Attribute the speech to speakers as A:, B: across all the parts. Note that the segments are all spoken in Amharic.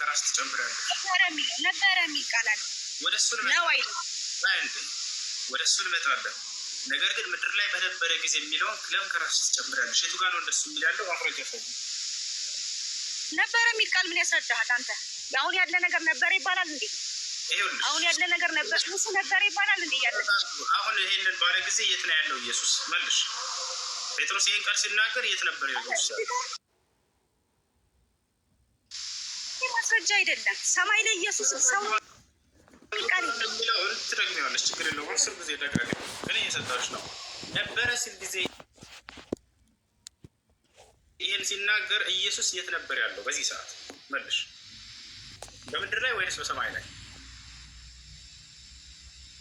A: ከራስ ትጨምራለች። ነበረ የሚል ወደ እሱ ወደ እሱ እንመጣለን። ነገር ግን ምድር ላይ በነበረ ጊዜ የሚለውን ክለም ከራስ ትጨምራለች። የቱ ጋር ነው እንደሱ የሚላለው? ማፍረጃ ፈል
B: ነበረ የሚል ምን ያስረዳሃል አንተ? አሁን ያለ ነገር ነበረ ይባላል እንዴ? አሁን ያለ ነገር ነበር እሱ ነበረ ይባላል እንዴ? ያለ
A: አሁን ይሄንን ባለ ጊዜ የት ነው ያለው ኢየሱስ? መልሽ ጴጥሮስ ይህን ቃል ሲናገር የት ነበር ያለው?
B: ማስረጃ አይደለም። ሰማይ ላይ ኢየሱስ ሰው
A: ትደግሚዋለች፣ ችግር የለውም። አስር ጊዜ ግን ነው ነበረ ሲል ጊዜ ይህን ሲናገር ኢየሱስ የት ነበር ያለው በዚህ ሰዓት? መልሽ በምድር ላይ ወይስ በሰማይ ላይ?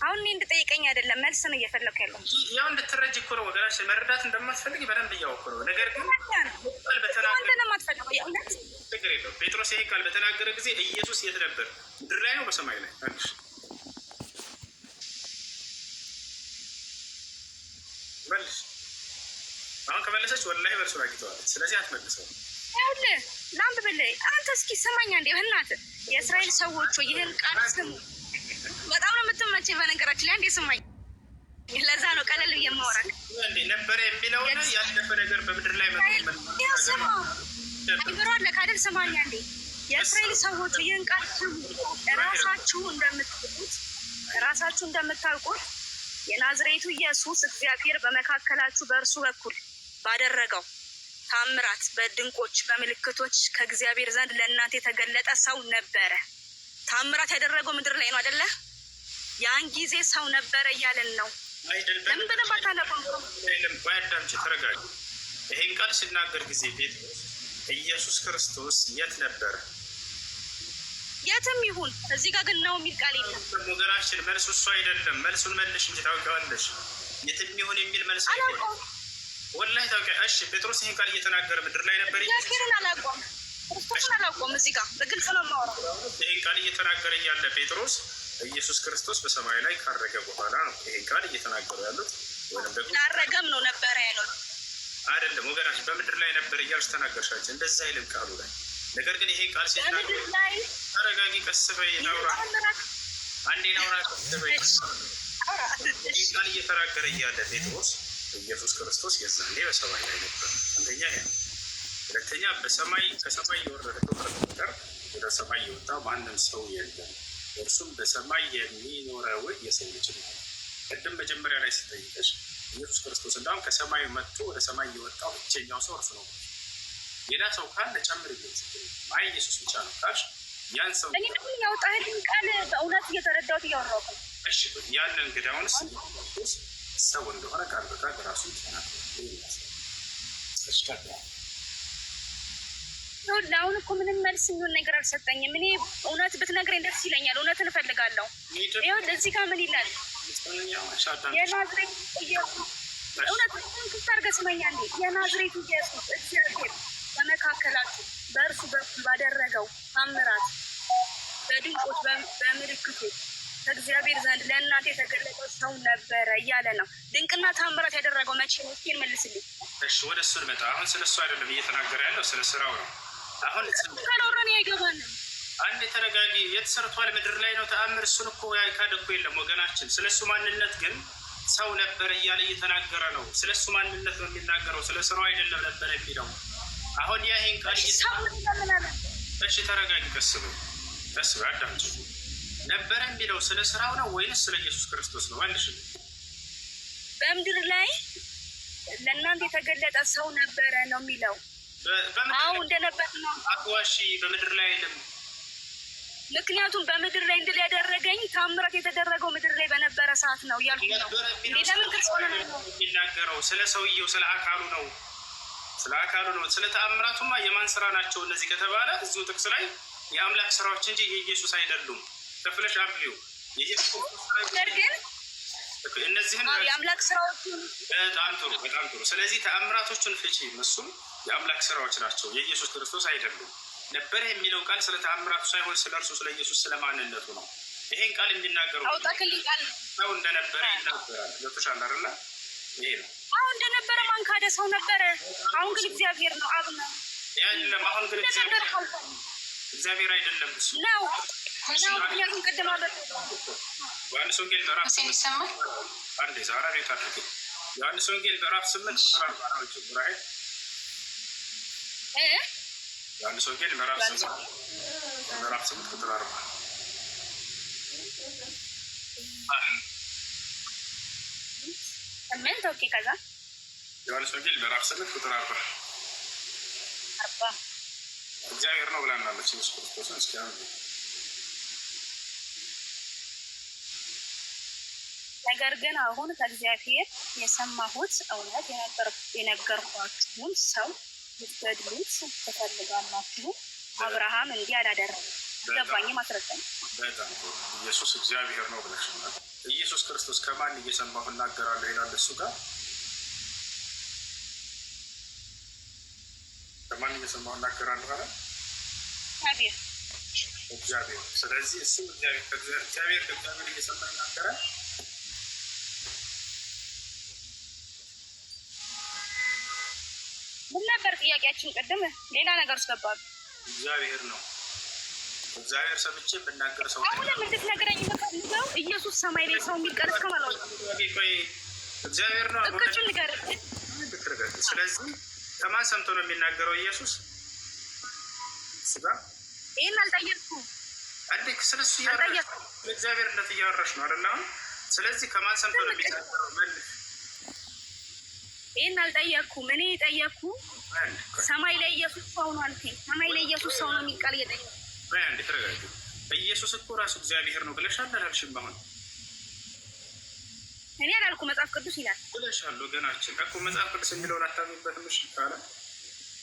B: አሁን እኔ እንድጠይቀኝ አይደለም፣ መልስ ነው እየፈለኩ ያለው።
A: ያው እንድትረጅ እኮ ነው ወገናችን፣ መረዳት እንደማትፈልግ በደንብ እያወኩ ነው። ነገር ግን ችግር የለው። ጴጥሮስ ይሄ ቃል በተናገረ ጊዜ ኢየሱስ የት ነበር? ምድር ላይ ነው በሰማይ ላይ? መልስ። አሁን ከመለሰች ወላሂ በእርሱን አግኝተዋለች። ስለዚህ አትመልሰው።
B: ይኸውልህ ላምብ በላይ አንተ እስኪ ስማኝ እንዴ እናትህ የእስራኤል ሰዎች ይህን ቃል ስሙ። በጣም ነው የምትመቸኝ በነገራችን ላይ። አንዴ ስማኝ፣ ለዛ ነው ቀለል ብዬ የማወራህ
A: ነበረ የሚለውን ያለፈ ነገር በምድር ላይ መ
B: ነገሩ አለ ካደል ሰማኛ እንዴ የእስራኤል ሰዎች ይህን ቃል ስሙ። ራሳችሁ እንደምትሉት ራሳችሁ እንደምታውቁት የናዝሬቱ ኢየሱስ እግዚአብሔር በመካከላችሁ በእርሱ በኩል ባደረገው ታምራት፣ በድንቆች በምልክቶች ከእግዚአብሔር ዘንድ ለእናንተ የተገለጠ ሰው ነበረ። ታምራት ያደረገው ምድር ላይ ነው አይደለ? ያን ጊዜ ሰው ነበረ እያለን ነው። ለምን በደንብ አታነቁም?
A: ባያዳምጭ ቃል ሲናገር ጊዜ ቤት ኢየሱስ ክርስቶስ የት ነበር?
B: የትም ይሁን እዚህ ጋር ግን ነው የሚል ቃል የለም።
A: ወገናችን መልሱ እሱ አይደለም። መልሱን መልሽ እንጂ ታውቂዋለሽ። የትም ይሁን የሚል መልስ አይሆንም። ወላሂ ታውቂያለሽ። እሺ ጴጥሮስ ይህን ቃል እየተናገረ ምድር ላይ ነበር።
B: እግዚአብሔርን አላውቀውም፣ ክርስቶስን አላውቀውም። እዚህ ጋር በግልጽ ነው የማወራው።
A: ይህን ቃል እየተናገረ እያለ ጴጥሮስ ኢየሱስ ክርስቶስ በሰማይ ላይ ካረገ በኋላ ነው ይህን ቃል እየተናገሩ ያሉት።
B: ወይም ደግሞ ካረገም ነው ነበረ ያለው
A: አይደለም ወገናችን፣ በምድር ላይ ነበር እያልሽ ተናገርሻቸው። እንደዚህ አይልም ቃሉ ላይ። ነገር ግን ይሄ ቃል ሲናገር ተረጋጊ፣ ቀስ በይ፣ ናውራ አንዴ ናውራ፣ ቀስ በይ። ይህ ቃል እየተናገረ እያለ ጴጥሮስ ኢየሱስ ክርስቶስ የዛኔ በሰማይ ላይ ነበር። አንደኛ ያ ሁለተኛ በሰማይ ከሰማይ የወረደ ትኩረት ነገር ወደ ሰማይ የወጣ ማንም ሰው የለም፣ እርሱም በሰማይ የሚኖረው የሰው ልጅ ነው። ቅድም መጀመሪያ ላይ ስጠይቀሽ ኢየሱስ ክርስቶስ እንዳውም ከሰማይ መጥቶ ወደ ሰማይ የወጣው ብቸኛው ሰው እርሱ ነው። ሌላ ሰው ካለ ጨምር ይገልጽ ማይ ኢየሱስ ብቻ ነው ካልሽ ያን ሰው እኔ
B: ያውጣህልኝ ቃል በእውነት እየተረዳሁት እያወራሁ
A: እሺ ያን እንግዳውን አሁንስ ሰው እንደሆነ ቃል በቃል ራሱ
B: አሁን እኮ ምንም መልስ የሚሆን ነገር አልሰጠኝም። እኔ እውነት ብትነግረኝ ደስ ይለኛል። እውነትን እፈልጋለሁ። ይኸውልህ እዚህ ጋር ምን ይላል? የናዝሬት ኢየሱስ እግዚአብሔር በመካከላችሁ በእርሱ በኩል ባደረገው ታምራት በድንቆች በምልክቶች ከእግዚአብሔር ዘንድ ለእናንተ የተገለጠው ሰው ነበረ እያለ ነው። ድንቅና ታምራት ያደረገው መቼ ነው? እስኪ መልስልኝ።
A: እሺ፣ ወደ እሱ እንመጣ። አሁን ስለ እሱ አይደለም እየተናገረ ያለው ስለ ስራው ነው። አሁን
B: ከኖረን አይገባንም
A: አንድ የተረጋጊ የተሰርቷል ምድር ላይ ነው ተአምር። እሱን እኮ ያይካድ እኮ የለም ወገናችን። ስለ እሱ ማንነት ግን ሰው ነበር እያለ እየተናገረ ነው። ስለ እሱ ማንነት ነው የሚናገረው፣ ስለ ስራው አይደለም ነበር የሚለው። አሁን ይህን ቃል ተረጋጊ፣ ቀስበ ቀስበ አዳምጭ። ነበረ የሚለው ስለ ስራው ነው ወይንስ ስለ ኢየሱስ ክርስቶስ ነው? አንድ
B: በምድር ላይ ለእናንተ የተገለጠ ሰው ነበረ ነው የሚለው። አሁ እንደነበር ነው
A: አዋሺ በምድር ላይ
B: ምክንያቱም በምድር ላይ እንድል ያደረገኝ ታምራት የተደረገው ምድር ላይ በነበረ ሰዓት ነው እያልኩ ነው። ለምን ግልጽ ሆነ
A: የሚናገረው? ስለ ሰውየው ስለ አካሉ ነው፣ ስለ አካሉ ነው። ስለ ተአምራቱማ የማን ስራ ናቸው እነዚህ ከተባለ እዚሁ ጥቅስ ላይ የአምላክ ስራዎች እንጂ የኢየሱስ አይደሉም። ተፍለሽ አብሊው ነገር ግን እነዚህን
B: የአምላክ ስራዎች
A: በጣም ጥሩ፣ በጣም ጥሩ። ስለዚህ ተአምራቶቹን ፍቺ እሱም የአምላክ ስራዎች ናቸው፣ የኢየሱስ ክርስቶስ አይደሉም። ነበር የሚለው ቃል ስለ ተአምራቱ ሳይሆን ስለ እርሱ ስለ ኢየሱስ ስለ ማንነቱ ነው። ይሄን ቃል የሚናገሩ ሰው እንደነበረ ይናገራል። ገብቶሻል አይደለ? ይሄ ነው
B: አሁን እንደነበረ ማን ካደ? ሰው ነበረ። አሁን ግን እግዚአብሔር ነው አብ ነው
A: ያለም። አሁን ግን
B: እግዚአብሔር
A: አይደለም ነው።
B: ምክንያቱም ቅድም አለ
A: ዮሐንስ ወንጌል ምዕራፍ አንዴ ዛራ ቤት አድርግ ዮሐንስ ወንጌል ምዕራፍ ስምንት ቁጥር አርባ ነው ችግር የአንድ ሰው ወንጌል ምዕራፍ ስምንት ምዕራፍ ስምንት ቁጥር አርባ
B: ስምንት ኦኬ። ከዛ
A: ዮሐንስ ወንጌል ምዕራፍ ስምንት ቁጥር አርባ አርባ እግዚአብሔር ነው ብላናለች ኢየሱስ ክርስቶስን እስኪ
B: ነገር ግን አሁን ከእግዚአብሔር የሰማሁት እውነት የነገርኳችሁን ሰው ልትገድሉት ትፈልጋላችሁ? አብርሃም እንዲህ አላደረገ ገባኝ። ማስረዳኝ
A: ኢየሱስ እግዚአብሔር ነው ብለሽናል። ኢየሱስ ክርስቶስ ከማን እየሰማሁ እናገራለሁ ይላል። እሱ ጋር ከማን እየሰማሁ እናገራለሁ አለ እግዚአብሔር። ስለዚህ እሱ እግዚአብሔር ከእግዚአብሔር እየሰማ ይናገራል።
B: ምን ነበር ጥያቄያችን? ቅድም ሌላ ነገር ስገባሉ
A: እግዚአብሔር ነው እግዚአብሔር ሰምቼ ብናገር ሰው
B: አሁንም እንድትነግረኝ የምፈልገው ኢየሱስ ሰማይ ላይ ሰው የሚቀር እስከማለት እግዚአብሔር ነው እቅጩን ንገር።
A: ስለዚህ ከማን ሰምቶ ነው የሚናገረው ኢየሱስ? ስጋ
B: ይህን አልጠየቅኩም።
A: አዲክ ስለሱ ያረ ለእግዚአብሔርነት እያወራሽ ነው አደለ አሁን። ስለዚህ ከማን ሰምቶ ነው የሚናገረው?
B: ይህን አልጠየቅኩም። እኔ የጠየቅኩ ሰማይ ላይ ኢየሱስ ሰው ነው አልከኝ። ሰማይ ላይ ኢየሱስ ሰው ነው የሚቃል ቃል
A: እየጠየቅኩ ኢየሱስ እኮ ራሱ እግዚአብሔር ነው ብለሻል አላልሽም? አሁን
B: እኔ አላልኩ መጽሐፍ ቅዱስ ይላል
A: ብለሻል። ወገናችን እኮ መጽሐፍ ቅዱስ የሚለውን አታሚበትም። እሺ ካለ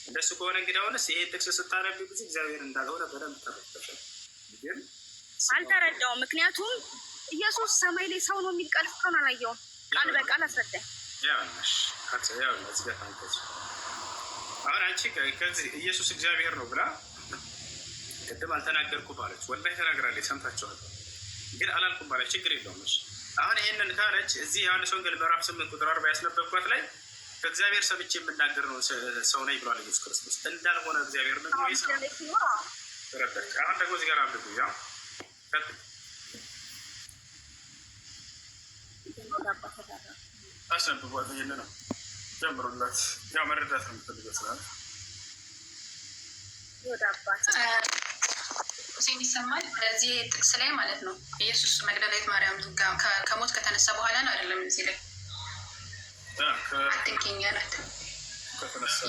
A: እንደሱ ከሆነ እንግዲህ አሁንስ ይሄ ጥቅስ ስታነቢ ጊዜ እግዚአብሔር እንዳልሆነ በደንብ ተረዳሻል።
B: ግን አልተረዳውም፣ ምክንያቱም ኢየሱስ ሰማይ ላይ ሰው ነው የሚል ቃል እስካሁን አላየውም። ቃል በቃል አስረዳኝ
A: አሁን አንቺ ከዚህ ኢየሱስ እግዚአብሔር ነው ብላ ቅድም አልተናገርኩም አለች። ወላሂ ተናግራለች፣ ሰምታችኋል። ግን አላልኩም አለች። ችግር የለውም አሁን ይህንን ካለች እዚህ ዮሐንስ ወንጌል ምዕራፍ ስምንት ቁጥር አርባ ያስነበብኳት ላይ ከእግዚአብሔር ሰምቼ የምናገር ነው ሰው ነኝ ብሏል ኢየሱስ ክርስቶስ እንዳልሆነ እግዚአብሔር ነው ረበች። አሁን ደግሞ እዚህ ጋር አንብቡ ያው ቀጥል አስነብቧት። ይህን ነው ጀምሩላት። ያው መረዳት ነው የምትፈልገው ስላለ
B: ሁሴን ይሰማል። እዚህ ጥቅስ ላይ ማለት ነው ኢየሱስ መግደላዊት ማርያም ከሞት ከተነሳ በኋላ ነው አይደለም? እዚህ ላይ
A: ናት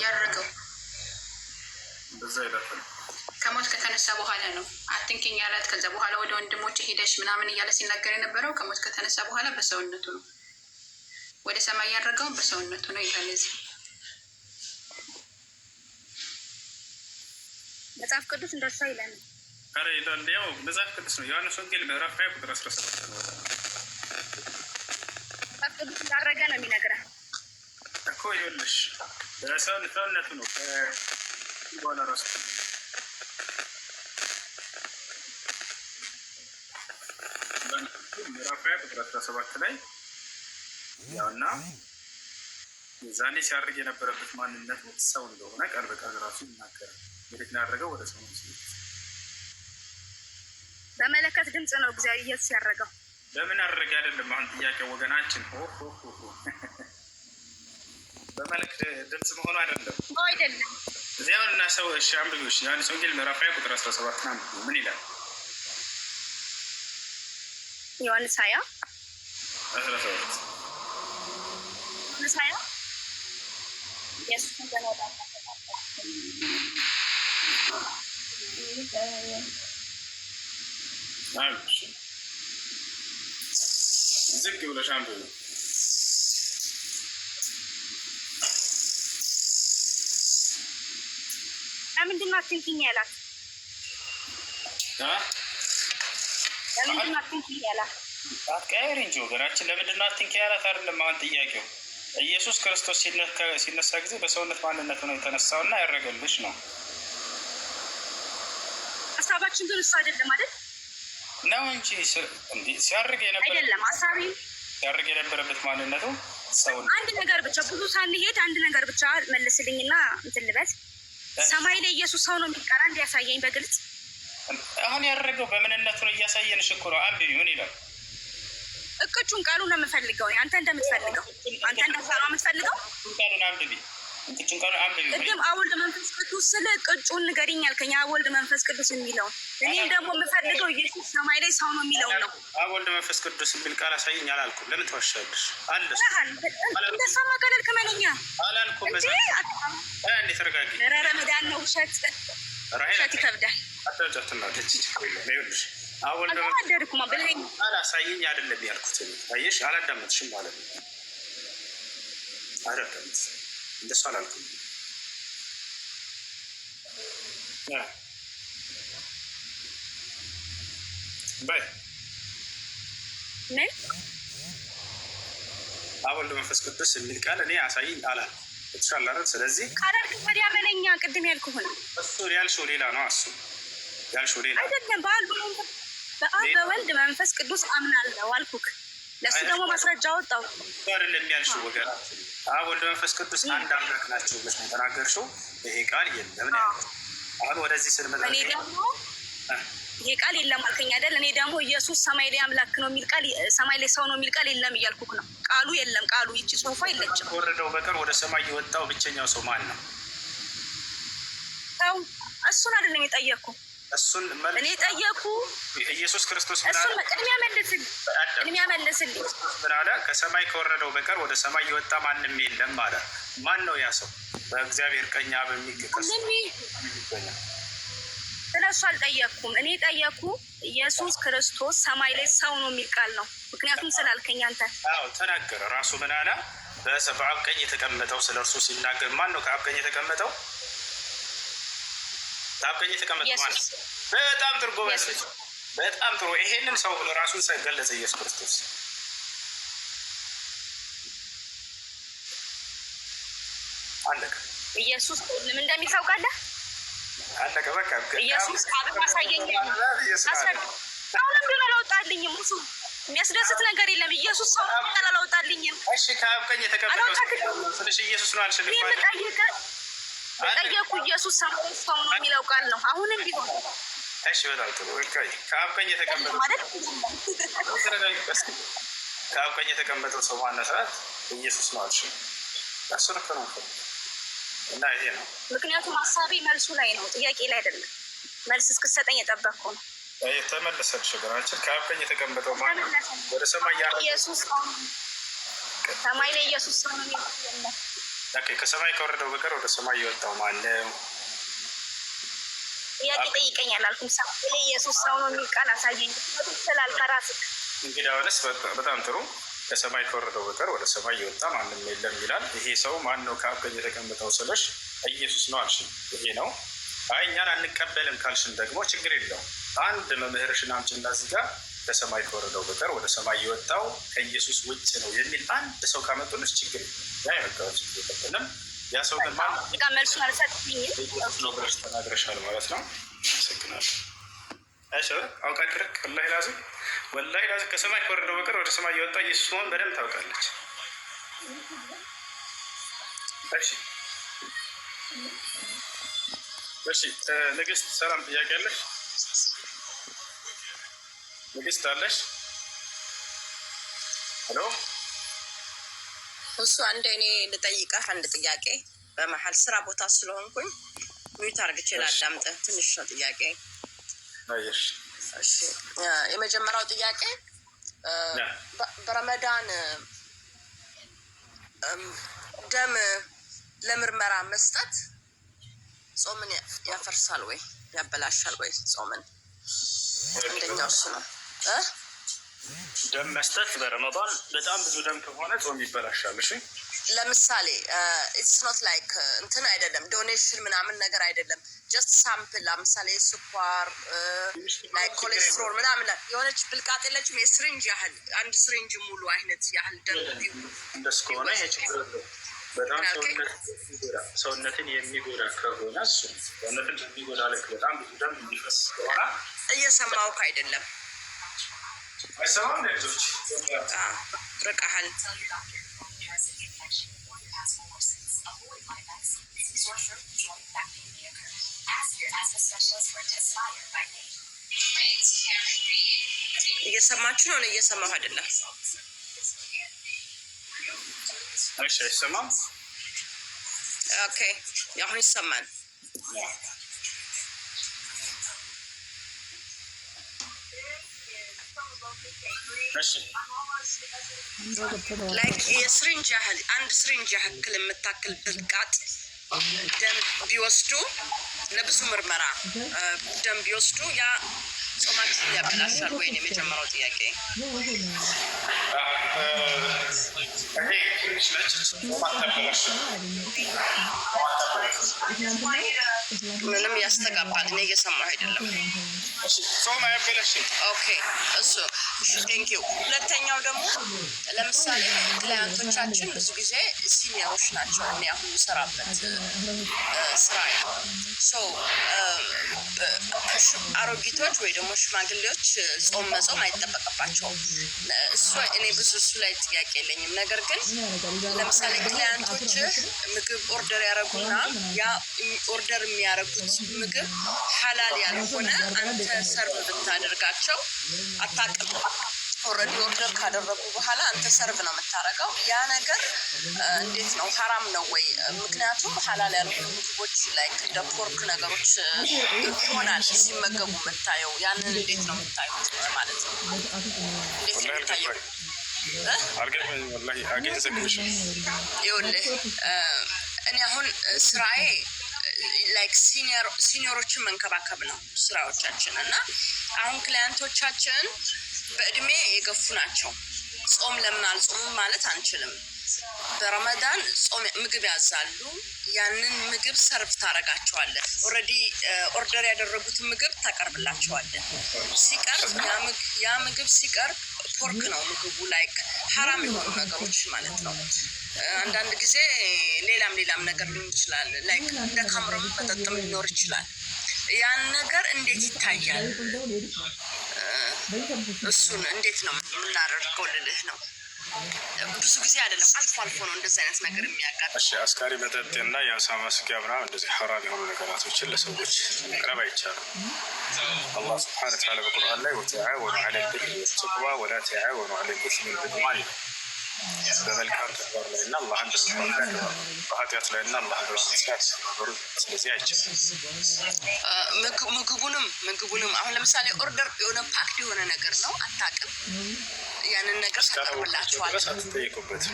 B: ያደረገው ከሞት ከተነሳ በኋላ ነው አትንኪኝ ያላት። ከዛ በኋላ ወደ ወንድሞች ሄደሽ ምናምን እያለ ሲናገር የነበረው ከሞት ከተነሳ በኋላ በሰውነቱ ነው። ወደ ሰማይ ያደረገውን በሰውነቱ ነው ይላል። እዚህ መጽሐፍ ቅዱስ እንደርሷ ይላል።
A: ኧረ ይላል ያው መጽሐፍ ቅዱስ ነው። ዮሐንስ ወንጌል ምዕራፍ ሀያ ቁጥር አስራ ሰባት ነው።
B: መጽሐፍ ቅዱስ እንዳረገ ነው የሚነግረን
A: እኮ ይኸውልሽ፣ ነው በኋላ ራሱ ምዕራፍ ሀያ ቁጥር አስራ ሰባት ላይ ያውና የዛኔ ሲያደርግ የነበረበት ማንነቱ ሰው እንደሆነ ቃል በቃል ራሱ ይናገራል። ምልክት ያደረገው ወደ ሰው ነው።
B: በመለከት ድምፅ ነው እግዚአብሔር ኢየሱስ
A: በምን አደረገ አይደለም አሁን ጥያቄ ወገናችን፣ በመልእክት ድምፅ መሆኑ አይደለም አይደለም። እግዚአብሔር እና ሰው እሺ፣ አንብቢዎች ዮሐንስ ወንጌል ምዕራፍ ሃያ ቁጥር አስራ ሰባት ና ምን ይላል? ዮሐንስ ሃያ አስራ ሰባት
B: ሳይሆን የእሱ ገናዳ
A: ዝግ ብለሽ አንብቢ።
B: ለምንድን ነው አትንኪኝ ያላት? ለምንድን ነው አትንኪኝ ያላት?
A: አትቀያየሪ እንጂ ወገናችን። ለምንድን ነው አትንኪኝ ያላት? አይደለም አሁን ጥያቄው ኢየሱስ ክርስቶስ ሲነሳ ጊዜ በሰውነት ማንነት ነው የተነሳው እና ያደረገልሽ ነው።
B: ሀሳባችን ግን እሱ አይደለም አይደል
A: ነው እንጂ ሲያርግ ሲያርግ የነበረበት ማንነቱ ሰው። አንድ
B: ነገር ብቻ ብዙ ሳንሄድ አንድ ነገር ብቻ መልስልኝ እና እንትን ልበል። ሰማይ ላይ ኢየሱስ ሰው ነው የሚቀራ እንዲያሳየኝ በግልጽ
A: አሁን ያደረገው በምንነቱ ነው። እያሳየንሽ እኮ ነው። አንድ ይሁን ይላል
B: እቅጩን ቃሉ ነው የምፈልገው። አንተ እንደምትፈልገው አንተ እንደምትሰራ የምትፈልገው ቅድም አወልድ መንፈስ ቅዱስ ስለ ቅጩን ንገሪኝ ያልከኝ አወልድ መንፈስ ቅዱስ የሚለው እኔም ደግሞ የምፈልገው ኢየሱስ ሰማይ ላይ ሰው ነው የሚለው ነው።
A: አወልድ መንፈስ ቅዱስ የሚል ቃል አሳይኝ አላልኩም። ለምን ተዋሻለሽ?
B: አለ እንደሷማ ቀለል ክመለኛ
A: አላልኩም። ተረጋጊ። ረረ
B: መዳን ነው ውሸት ውሸት
A: አይደለም ያልኩት። አየሽ፣ አላዳመጥሽም ማለት ነው። እንደሱ አላልኩም። በይ ምን አብ ወልድ መንፈስ ቅዱስ የሚል ቃል እኔ አሳይኝ አላልኩም። ይቻላል። ስለዚህ
B: ካደርግ ወዲያ በለኛ ቅድም ያልኩ ሆነ
A: እሱ ያልሽው ሌላ ነው። እሱ ያልሽው ሌላ አይደለም።
B: በአል በአብ በወልድ መንፈስ ቅዱስ አምናለሁ አልኩክ። ለእሱ ደግሞ ማስረጃ አወጣው
A: አይደለም ያልሽው ወገን አብ ወልድ መንፈስ ቅዱስ አንድ አምላክ ናቸው ብለሽ ተናገርሽው። ይሄ ቃል የለም ነው አሁን ወደዚህ ስንመጣ እኔ
B: ደግሞ ይሄ ቃል የለም አልከኝ አይደል? እኔ ደግሞ ኢየሱስ ሰማይ ላይ አምላክ ነው የሚል ቃል ሰማይ ላይ ሰው ነው የሚል ቃል የለም እያልኩክ ነው። ቃሉ የለም ቃሉ ይቺ ጽሁፋ የለችም። ወረደው
A: በቀር ወደ ሰማይ የወጣው ብቸኛው ሰው ማን ነው?
B: ሰው እሱን አይደለም የጠየቅኩ እሱን እኔ ጠየቅኩ።
A: ኢየሱስ ክርስቶስ እሱን
B: ቅድሚያ መልስልኝ፣ ቅድሚያ መልስልኝ።
A: ምን አለ? ከሰማይ ከወረደው በቀር ወደ ሰማይ የወጣ ማንም የለም አለ። ማን ነው ያ ሰው? በእግዚአብሔር ቀኝ በሚገኝ
B: ስለ እሱ አልጠየቅኩም። እኔ ጠየቅኩ ኢየሱስ ክርስቶስ ሰማይ ላይ ሰው ነው የሚል ቃል ነው። ምክንያቱም ስላልከኝ አንተ
A: ተናገረ ራሱ ምን አለ? በአብ ቀኝ የተቀመጠው ስለ እርሱ ሲናገር ማን ነው? ከአብ ቀኝ የተቀመጠው ከአብ ቀኝ የተቀመጠው ማለት በጣም ጥርጎ በጣም ጥሩ። ይሄንን ሰው ብሎ ራሱን ገለጸ ኢየሱስ ክርስቶስ አለቀ።
B: ኢየሱስ ምን እንደሚታውቃለህ ኢየሱስ ካለ ማሳየኝ አሁንም ቢሆን አላወጣልኝም። ብዙ የሚያስደስት ነገር የለም። ኢየሱስ ሰው ቃል አላወጣልኝም። ጠየቁ ኢየሱስ ሰው ነው የሚለው ቃል ነው። አሁንም ቢሆን
A: እሺ፣ በጣም ጥሩ ከአብ ቀኝ የተቀመጠው ሰው ማነው ኢየሱስ ነው አልሽኝ።
B: ምክንያቱም ሀሳቤ መልሱ ላይ ነው፣ ጥያቄ ላይ አይደለም። መልስ እስክሰጠኝ የጠበቅኩ ነው።
A: ተመለሰልሽ ግን አንቺን ከአብቀኝ የተቀመጠው ወደ ሰማይ ኢየሱስ
B: ሰማይ ላይ ኢየሱስ ሰው ነው።
A: ከሰማይ ከወረደው በቀር ወደ ሰማይ የወጣው ማነው?
B: ጥያቄ ጠይቀኝ አልኩም። ሰማይ ላይ ኢየሱስ ሰው ነው የሚል ቃል አሳየኝ ስላልከ ራስህ
A: እንግዲህ አሁንስ በጣም ጥሩ ከሰማይ ከወረደው በቀር ወደ ሰማይ የወጣ ማንም የለም ይላል። ይሄ ሰው ማን ነው? ከአብ ቀኝ የተቀመጠው ስለሽ ኢየሱስ ነው አልሽም። ይሄ ነው። አይ እኛን አንቀበልም ካልሽም ደግሞ ችግር የለው። አንድ መምህርሽን አምጪና እዚህ ጋር ከሰማይ ከወረደው በቀር ወደ ሰማይ የወጣው ከኢየሱስ ውጭ ነው የሚል አንድ ሰው ካመጡንስ ችግር ያ የመቀበል ችግር የለብንም። ያ ሰው ግን መልሱን አልሰጥኝም ነው ብለሽ ተናግረሻል ማለት ነው። አመሰግናለሁ። አይ ሰው አውቃ ድረቅ ላይ ላዝም ወላሂ ራሱ ከሰማይ ከወረደው በቀር ወደ ሰማይ የወጣ ኢየሱስ መሆን በደንብ ታውቃለች። እሺ እሺ፣ ንግስት ሰላም፣ ጥያቄ አለሽ? ንግስት አለሽ? ሄሎ፣ እሱ አንድ እኔ ልጠይቀህ አንድ ጥያቄ በመሀል ስራ ቦታ ስለሆንኩኝ ሚዩት አድርግቼ ላዳምጠህ። ትንሽ ነው ጥያቄ እሺ የመጀመሪያው ጥያቄ በረመዳን ደም ለምርመራ መስጠት ጾምን ያፈርሳል ወይ ያበላሻል ወይ ጾምን? አንደኛው እሱ ነው። ደም መስጠት በረመዳን በጣም ብዙ ደም ከሆነ ጾም ይበላሻል። እሺ ለምሳሌ ኢትስ ኖት ላይክ እንትን አይደለም፣ ዶኔሽን ምናምን ነገር አይደለም። ጀስት ሳምፕል ለምሳሌ ስኳር፣ ላይክ uh, ኮሌስትሮል ምናምን የሆነች ብልቃጥ የለችም። የስሪንጅ ያህል አንድ ስሪንጅ ሙሉ አይነት ያህል ደም በጣም ሰውነትን የሚጎዳ ከሆነ እሱ ሰውነትን የሚጎዳ ልክ በጣም ብዙ ደም የሚፈስ ከሆነ እየሰማውክ አይደለም አይሰማም ልጆች ርቀሃል present infection or you have fluorescence, avoid my vaccines, sore joint, back pain may occur. Ask your asthma specialist for test fire by name. ላይክ የስሪንጅ ያህል አንድ ስሪንጅ ያህል የምታክል ብልቃጥ ደም ቢወስዱ ለብዙ ምርመራ ደም ቢወስዱ ያ ጾማችን ያበላሻል ወይ? የመጀመሪያው ጥያቄ ይሄ ምንም ያስተጋባል። እኔ እየሰማሁ አይደለም። እሱ ቴንክ ዩ። ሁለተኛው ደግሞ ለምሳሌ ክላያንቶቻችን ብዙ ጊዜ ሲኒየሮች ናቸው። እኔ አሁን የምሰራበት ስራ አሮጊቶች ወይ ደግሞ ሽማግሌዎች ጾም መጾም አይጠበቅባቸውም። እሱ እኔ ብዙ እሱ ላይ ጥያቄ የለኝም። ነገር ግን ለምሳሌ ክላያንቶች ምግብ ኦርደር ያደረጉና ያ ኦርደር የሚያደርጉት ምግብ ሀላል ያልሆነ አንተ ሰርቭ ብታደርጋቸው አታቅም። ኦልሬዲ ኦርደር ካደረጉ በኋላ አንተ ሰርቭ ነው የምታደርገው። ያ ነገር እንዴት ነው? ሀራም ነው ወይ? ምክንያቱም ሀላል ያልሆኑ ምግቦች ላይ እንደ ፖርክ ነገሮች ይሆናል ሲመገቡ የምታየው። ያንን እንዴት ነው የምታዩት ማለት ነው? እንዴት ነው የምታየው? ይኸውልህ እኔ አሁን ስራዬ ላይክ ሲኒዮሮችን መንከባከብ ነው ስራዎቻችን እና አሁን ክላያንቶቻችን በእድሜ የገፉ ናቸው። ጾም ለምን አልጾሙም ማለት አንችልም። በረመዳን ጾም ምግብ ያዛሉ። ያንን ምግብ ሰርቭ ታደርጋቸዋለን። ኦልሬዲ ኦርደር ያደረጉትን ምግብ ታቀርብላቸዋለን። ሲቀርብ ያ ምግብ ሲቀርብ ፖርክ ነው ምግቡ ላይክ ሀራም የሆኑ ነገሮች ማለት ነው። አንዳንድ ጊዜ ሌላም ሌላም ነገር ሊሆን ይችላል። ላይክ እንደ ካምረም መጠጥም ሊኖር ይችላል። ያን ነገር እንዴት ይታያል? እሱን እንዴት ነው የምናደርገው ልልህ ነው ብዙ ጊዜ አይደለም፣ አልፎ አልፎ ነው እንደዚህ አይነት ነገር የሚያጋጥም። አስካሪ መጠጥ እና የአሳማ ስጋ ምናምን እንደዚህ ሀራም የሆኑ ነገራቶችን ለሰዎች መቅረብ አይቻልም። አላህ ስብሐነ ወተዓላ በቁርአን ላይ ወተዓወኑ ዐለል ቢሪ ወተቅዋ ወላ ተዓወኑ ዐለል ኢስሚ ወልዑድዋን በመልካም ተግባር ላይ እና አላህን በኃጢአት ላይ እና አላህን ሲኖሩ ስለዚህ ምግቡንም ምግቡንም አሁን ለምሳሌ ኦርደር የሆነ ፓክድ የሆነ ነገር ነው አታውቅም። ያንን ነገር ታቀርብላቸዋል አትጠይቁበት።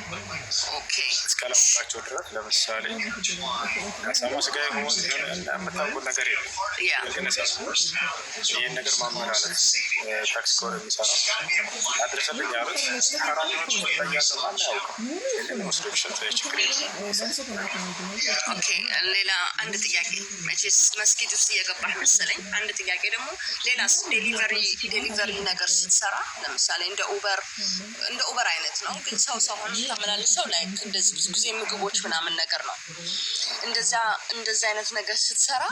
A: እስካላወቃቸው ድረስ ለምሳሌ ከሰማ ስጋ ነገር የለም። ይህን ነገር ማመላለስ ታክሲ ከሆነ የሚሰራ አድረሰልኝ ያሉት ሌላ አንድ ጥያቄ መቼስ መስጊድ ውስጥ እየገባህ መሰለኝ። አንድ ጥያቄ ደግሞ ሌላ ዴሊቨሪ ዴሊቨሪ ነገር ስትሰራ ለምሳሌ እንደ ኡበር እንደ ኡበር አይነት ነው፣ ግን ሰው ሰው ሆኖ ተመላልሰው ላይ እንደዚህ ብዙ ጊዜ ምግቦች ምናምን ነገር ነው። እንደዛ እንደዛ አይነት ነገር ስትሰራ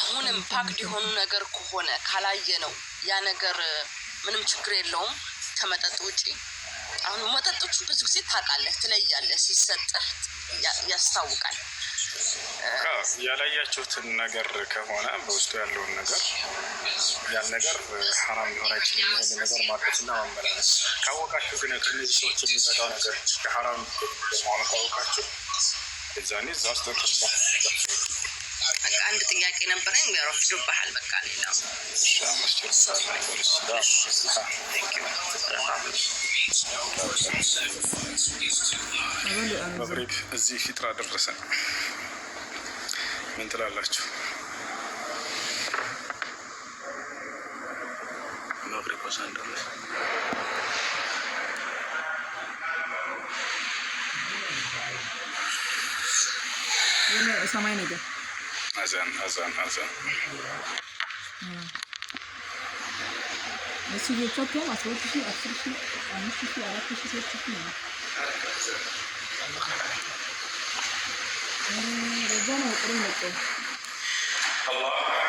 A: አሁንም ፓክድ የሆኑ ነገር ከሆነ ካላየ ነው ያ ነገር ምንም ችግር የለውም ከመጠጥ ውጪ አሁን መጠጦቹ ብዙ ጊዜ ታውቃለህ፣ ትለያለህ፣ ሲሰጥህ ያስታውቃል። ያላያችሁትን ነገር ከሆነ በውስጡ ያለውን ነገር ያን ነገር ሀራም ሊሆን አይችልም የሚሆን ነገር ማለት ማለትና ማመላለስ ካወቃችሁ፣ ግን ከእነዚህ ሰዎች የሚመጣው ነገር ከሀራም ማሆኑ ካወቃችሁ እዛኔ እዛ ውስጥ አንድ ጥያቄ ነበረኝ። ያረፍዶብሃል። በቃ ሌላ መብሬክ እዚህ ፊጥራ ደረሰን። ምን ትላላችሁ? መብሬክ ወሰን ደረሰ። ሰማይ ነገር Hazan, Hazan, Hazan. Если ее потом, а свой часы, а свой часы, а мы часы, а мы часы, а часы. Ребенок рынок. Аллах.